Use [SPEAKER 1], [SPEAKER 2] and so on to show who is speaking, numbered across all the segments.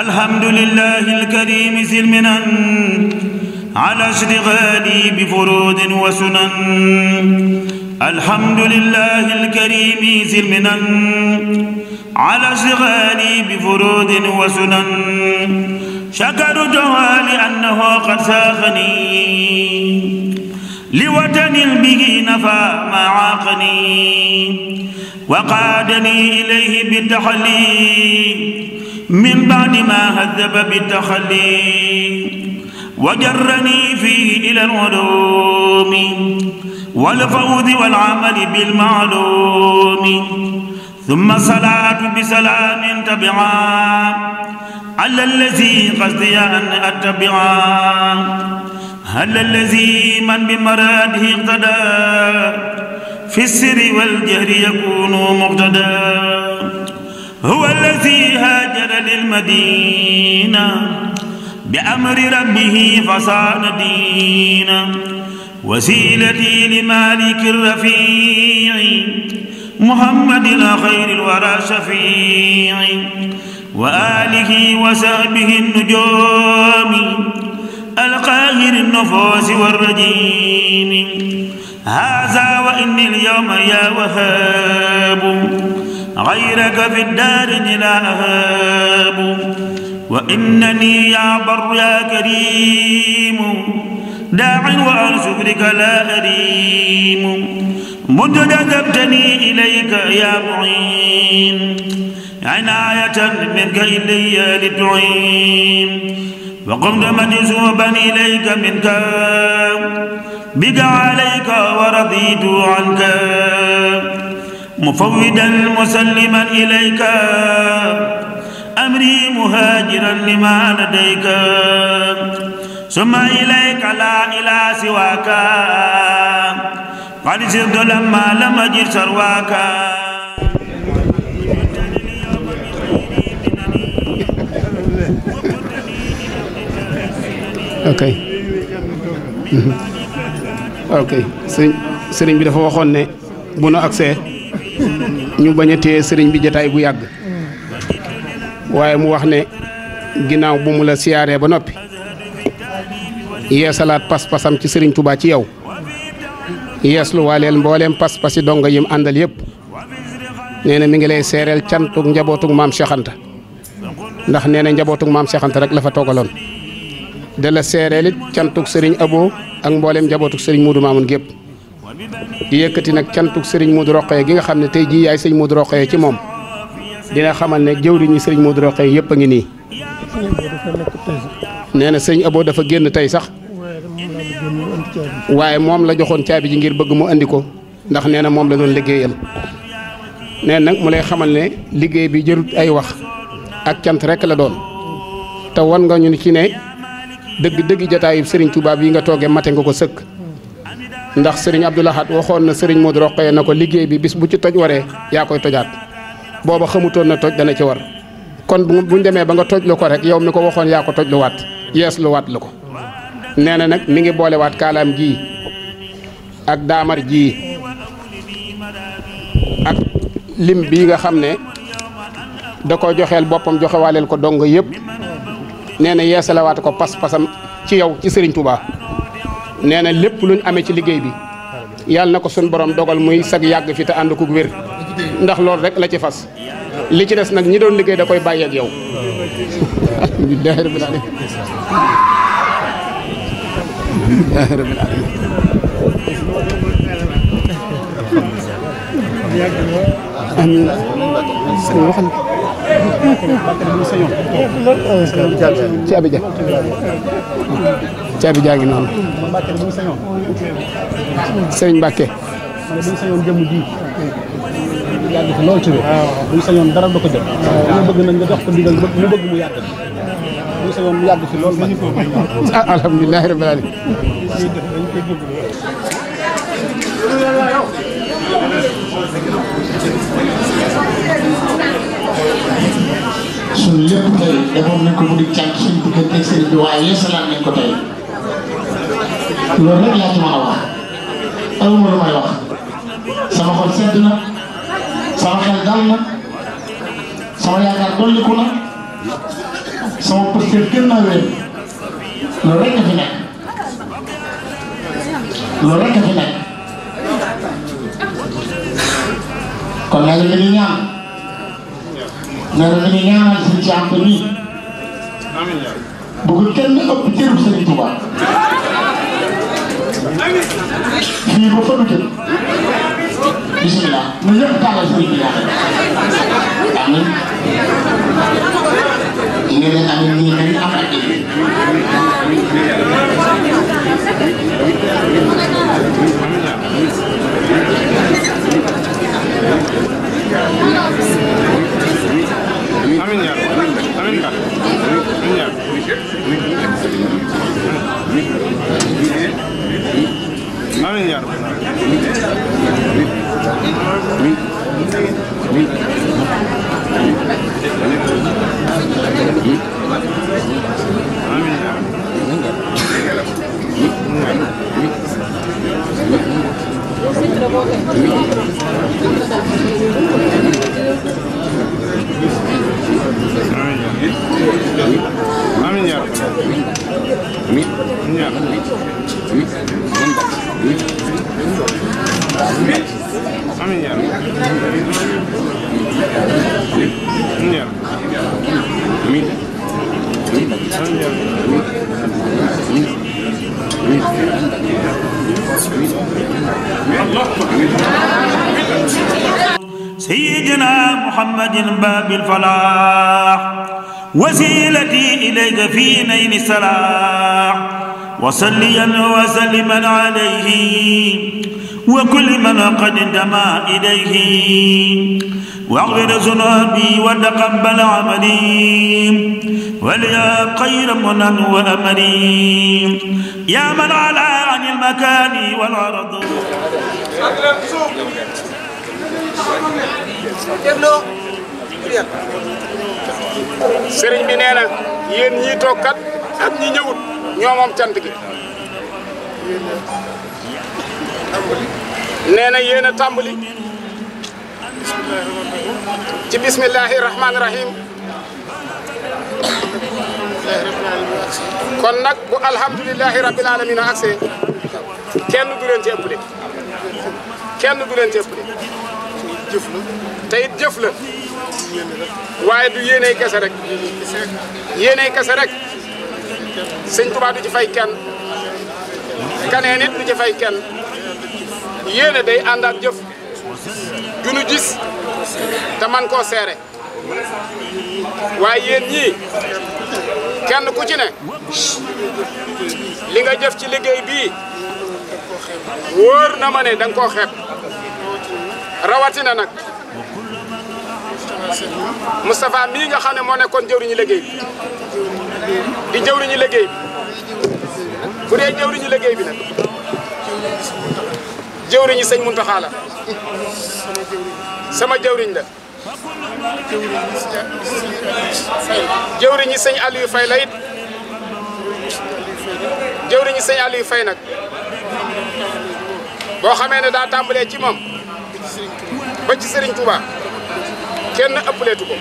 [SPEAKER 1] الحمد لله الكريم ذي المنن على اشتغالي بفروض وسنن الحمد لله الكريم ذي المنن على اشتغالي بفروض وسنن شكر جوال أنه قد ساقني لوطن به نفى ما عاقني وقادني إليه بالتحلي من بعد ما هذب بالتخلي وجرني فيه إلى العلوم
[SPEAKER 2] والفوز والعمل
[SPEAKER 1] بالمعلوم ثم صلاة بسلام تبعا على الذي قصدي أن أتبعا هل الذي من بمراده اقتدى في السر والجهر يكون مقتدى هو الذي هاجر للمدينة بأمر ربه فصار دينا وسيلتي لمالك الرفيع محمد خير الورى شفيع وآله وصحبه النجوم القاهر النفوس والرجيم هذا وإني اليوم يا وهاب غيرك في الدارين لا أهاب وإنني يا بر يا كريم داع وعن شكرك لا أريم متجذبتني إليك يا معين عناية منك إلي لتعين وقمت مجذوبا إليك منك بك عليك ورضيت عنك مفودا مسلما إليك أمري مهاجرا لما لديك ثم إليك لا إلى سواك قد سرت لما لم أجد سرواك
[SPEAKER 3] ok ok sëriñ sëriñ bi dafa waxoon ne bu nu agsee ñu bañ a téye sëriñ bi jataay bu yàgg waaye mu wax ne ginnaaw bu mu la siyaaree ba noppi yeesalaat pas-pasam ci sëriñ Touba ci yow yeeslu waaleel mbooleem pas-pasi dongo yim àndal yëpp nee na mi ngi lay seereel cantug njabootug maam Cheikh ndax nee na njabootug maam Cheikh Anta rek la fa toogaloon da la seereel it cantug sëriñ Abo ak mbooleem njabootug sëriñ Muudu Maamun gépp di yëkkati nag cantu sëriñ Modou Rokhaya gi nga xam ne tey jii yaay sëriñ Modou Rokhaya ci moom dina xamal ne jëwriñu sëriñ Modou Rokhaya yëpp a ngi nii. nee na sëñ Abo dafa génn tey sax. waaye moom la joxoon caabi ji ngir bëgg mu indi ko ndax nee na moom la doon liggéeyal nee nag mu lay xamal ne liggéey bi jërut ay wax ak cant rek la doon te wan nga ñu ci ne dëgg dëgg jataayu Serigne tubaab yi nga toogee mate nga ko sëkk. ndax sëriñ Abdou Lahad waxoon na sëriñ Modou Rokhaya na ko liggéey bi bis bu ci toj waree yaa koy tojaat booba xamutoon na toj dana ci war kon buñ demee ba nga toj lu ko rek yow mi ko waxoon yaa ko toj lu waat yees lu waat lu ko nee na nag mi ngi boole waat kaalaam ji ak daamar ji ak lim bii nga xam ne da ko joxeel boppam joxewaaleel ko dongo yëpp nee na yeesalawaat ko pas-pasam ci yow ci sëriñ Touba. nee na lépp luñ amee ci liggéey bi yàlla na ko suñ borom dogal muy sag yàgg fi te ànd ko wér ndax loolu rek la ci fas li ci des nag ñi doon liggéey da koy bàyyi ak yow alhamdulilahi rabbil ci Abidjan caabi jaa ngi noonu. sëriñ Mbacke. yàgg fi lool ci biir. bu ñu sañoon dara du ko jot. waaw bëgg nañ nga jox ko ndigal mu bëgg mu yàgg. bu ñu sañoon mu yàgg fi lool. ah alhamdulilah rabbil alamin. suñ lépp tey defoon nañ ko mu di càkk suñ diggante ak sëriñ bi waaye yeesalaat nañ ko tey. loolu rek laa ci mën wax sama xol sedd na sama xel dal na sama yaakaar dolliku na
[SPEAKER 1] sama pëstéef gën naa wér loolu rek a fi loolu rek a fi nekk
[SPEAKER 3] kon nag li ñu ñaan nag li ñu ñaanal suñu ci am te nii bëggul kenn ëpp cëru Sëriñ kii ba fa duggee bisimilah ñu yëpp tàllal sëriñ bi ñaan amiin ñu ne amiin ñu ne am ak
[SPEAKER 2] Amin ya. Amin ya.
[SPEAKER 1] amiin yaa amiin yaa
[SPEAKER 3] amiin
[SPEAKER 1] amiin amiin سيدنا محمد باب الفلاح وسيلتي إليك في نيل السلاح وسليا وسلما عليه وكل من قد انتمى إليه واغفر ذنوبي وتقبل عملي
[SPEAKER 2] وليا
[SPEAKER 1] خير منن وأمري يا من على عن المكان والعرض
[SPEAKER 3] sëriñ bi nee na yéen ñii toog kat ak ñi ñëwut ñoo moom cant gi nee na yéen tàmbali ci bismillahi rahmaani rahim kon nag bu alhamdulilahi rabbil alamin a agsee kenn du leen ci ëppale kenn du ci ëppale te it jëf waaye du yéeney kese rek yéeney kese rek sëñ Tuubaa du ci fay kenn kaneen du ci fay kenn yéene day ànd ak jëf ju nu gis te man koo seere waaye yéen ñii kenn ku ci ne li nga jëf ci liggéey bii wóor na ma ne da nga koo xeeb rawatina nag Moustapha mii nga xam ne moo nekkoon jëwriñu liggéey bi di jëwriñu liggéey bi bu dee jëwriñu liggéey bi nag jëwriñu sëñ Muntaxa la sama jëwriñ la jëwriñu sëñ Aliou Faye la it jëwriñu sëñ Aliou fay nag boo xamee ne daa tàmbalee ci moom ba ci Serigne Touba kenn ëppaleetu ko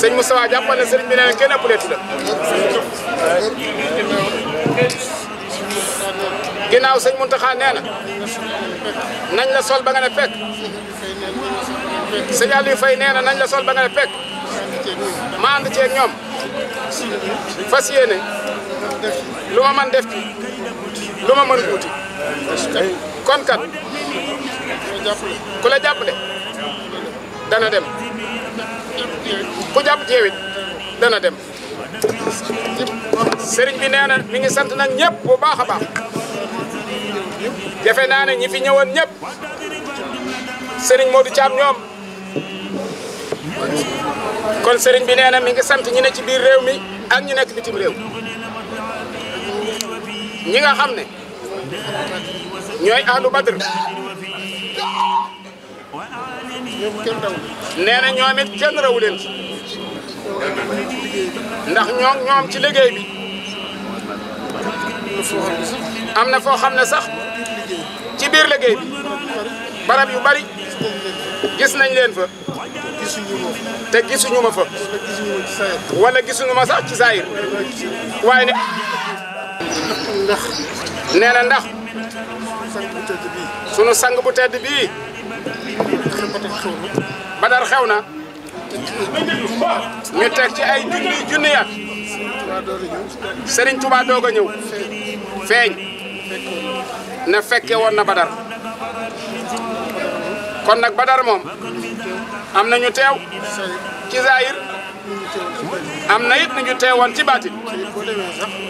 [SPEAKER 3] sëñ Moustapha jàppal ne sëriñ bi kenn ëppaleetu la ginnaaw sëñ Muntaxa nee nañ la sol ba nga ne fekk sëñ Aliou Faye nee nañ la sol ba nga ne fekk ma ànd ceeg ñoom fas yéene lu ma man def ci lu ma mën wuti kon kat ku la jàppale dana dem ku jàpp jeewit dana dem sëriñ bi nee na mi ngi sant nag ñëpp bu baax a defe naa ne ñi fi ñëwoon ñëpp sëriñ Modou Thiam ñoom kon sëriñ bi nee mi ngi sant ñi ne ci biir réew mi ak ñu nekk bitim réew ñi nga xam ne ñooy ahlu badr nee na ñoom kenn rawu ndax ñoom ñoom ci liggéey bi am na foo xam ne sax ci biir liggéey bi yu bari gis nañ leen fa te gisuñu ma fa wala gisuñu ma sax ci saayir waaye ne ndax nee na ndax sunu sang bu tedd bii badar xew na ñu teg ci ay junni junni ya Serigne Touba doog a ñëw feeñ na fekke woon na badar kon nag badar moom am na ñu teew ci zahir am na yit nu ñu teewoon ci baatin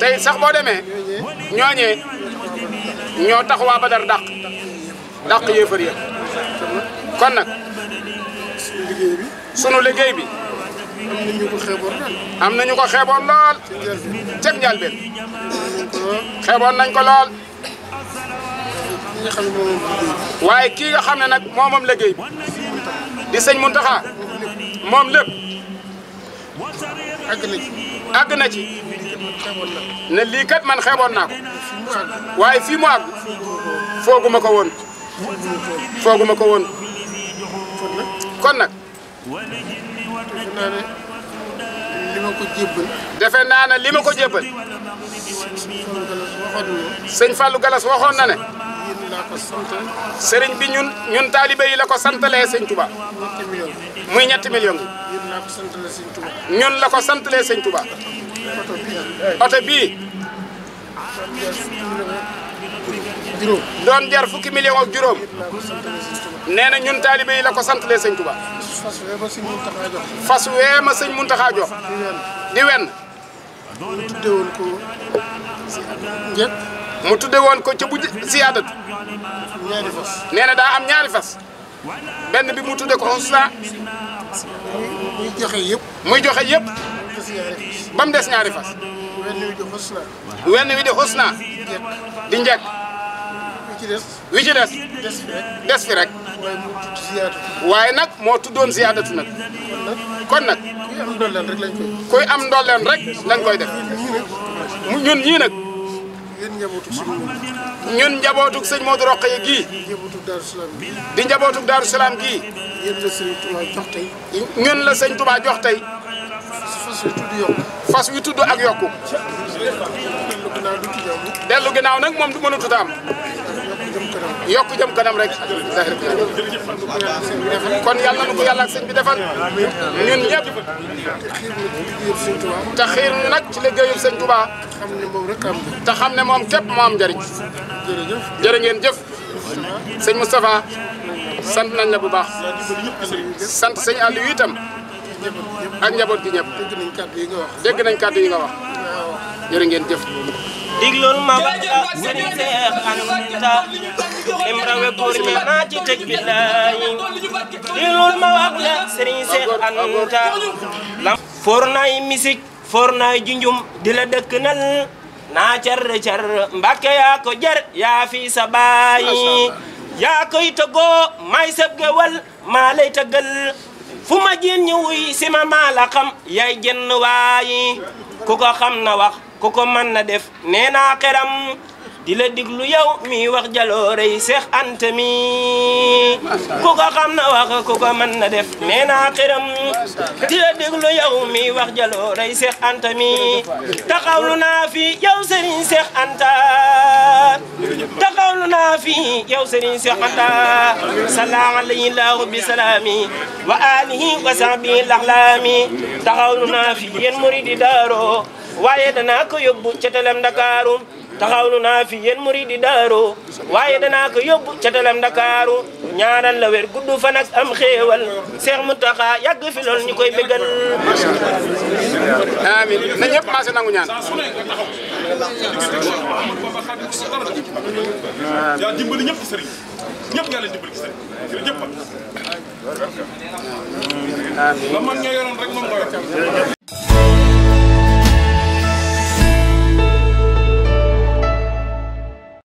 [SPEAKER 3] tey sax boo demee ñooñee ñoo tax waa badar dàq dàq yéefar ya kon nag sunu liggéey bi am na ñu ko xeeboon lool. am na ñu ko xeeboon lool. ceeb nañ ko lool. waaye kii nga xam na nag moomam liggéey bi di sëñ Muntaxa moom lépp àgg na ci ne lii kat man xeeboon naa ko waaye fii mu àgg fooguma ko woon fooguma ko woon kon nag li ma defe naa ne li ma ko jébbal. sëñ Fallou Galas waxoon na ne. sëriñ bi ñun ñun taalibe yi la ko santalee sëñ Touba. muy ñetti million bi. ñun la ko santalee sëñ Touba. oto bii. juróom. doon jar fukki million ak juróom. nee na ñun taalibe la ko sant lee sëñ Touba. fas wee ma sëñ Muntaxa jox. di wen. mu tudde woon ko mu tudde woon ko ca bu siyaadatu. ñaari fas. nee daa am ñaari fas. benn bi mu tudde ko Ousseyn. muy joxe yëpp. muy joxe yëpp. ba mu des ñaari fas. wenn wi di xus di xus ci des. des. fi rek. waaye nag moo tuddoon ziyaadatu nag. kon nag. kuy am ndolleen rek lañ koy. kuy am ndolleen rek lañ koy def. ñun ñii nag. ñun njabootuk sëñ
[SPEAKER 1] moo njabootuk sëñ Modou Rokhaya gii.
[SPEAKER 3] di njabootuk Daaru Salaam gii. ñun la sëñ Touba jox tey. ñun fas wi tudd ak yokku. dellu ginnaaw nag moom du mënatut a yokk jëm kanam rek kon yàlla nu ko yàlla ak sëñ bi defal ñun ñëpp te xiir ñu nag ci liggéeyub sëñ Touba te xam ne moom képp moo am njëriñ jërë ngeen jëf sëñ Moustapha sant nañ la bu baax sant sëñ Aliou itam ak njaboot gi ñëpp dégg nañ
[SPEAKER 2] kàddu yi nga wa jërë ngeen jëf diglul ma wax la Serigne Anta lim rawe góor ña naa ci teg billaay diglul ma wax la Serigne Anta lam foor naay misik foor naay junjum di dëkk nal naa car car mbàkke yaa ko jar yaa fi sa baay yaa koy tëggoo may sab gewal maa lay tëggal fu ma jén ñu si ma maa la xam yaay jenn waayi ku ko xam na wax ku ko man na def nee naa xeram di la diglu yow mi wax jaloore yi Seex Anta mi ko xam na wax ku ko mën na def nee naa di la diglu yow wax jaloore yi Seex Anta mi taxawlu naa fi yow Serigne Seex Anta taxawlu naa fi yow Serigne Seex Anta salaam alayhi laahu wa alihi wa sahbihi laxlaami taxawlu naa fi yéen muridi daaro waaye danaa ko yóbbu ca telem Ndakaaru taxawlu naa fi yéen muridi waaye danaa ko yóbbu ca telem Ndakaaru ñaanal la wér gudd fan am xéewal Cheikh Mountakha yàgg fi lool ñu koy
[SPEAKER 1] bëggal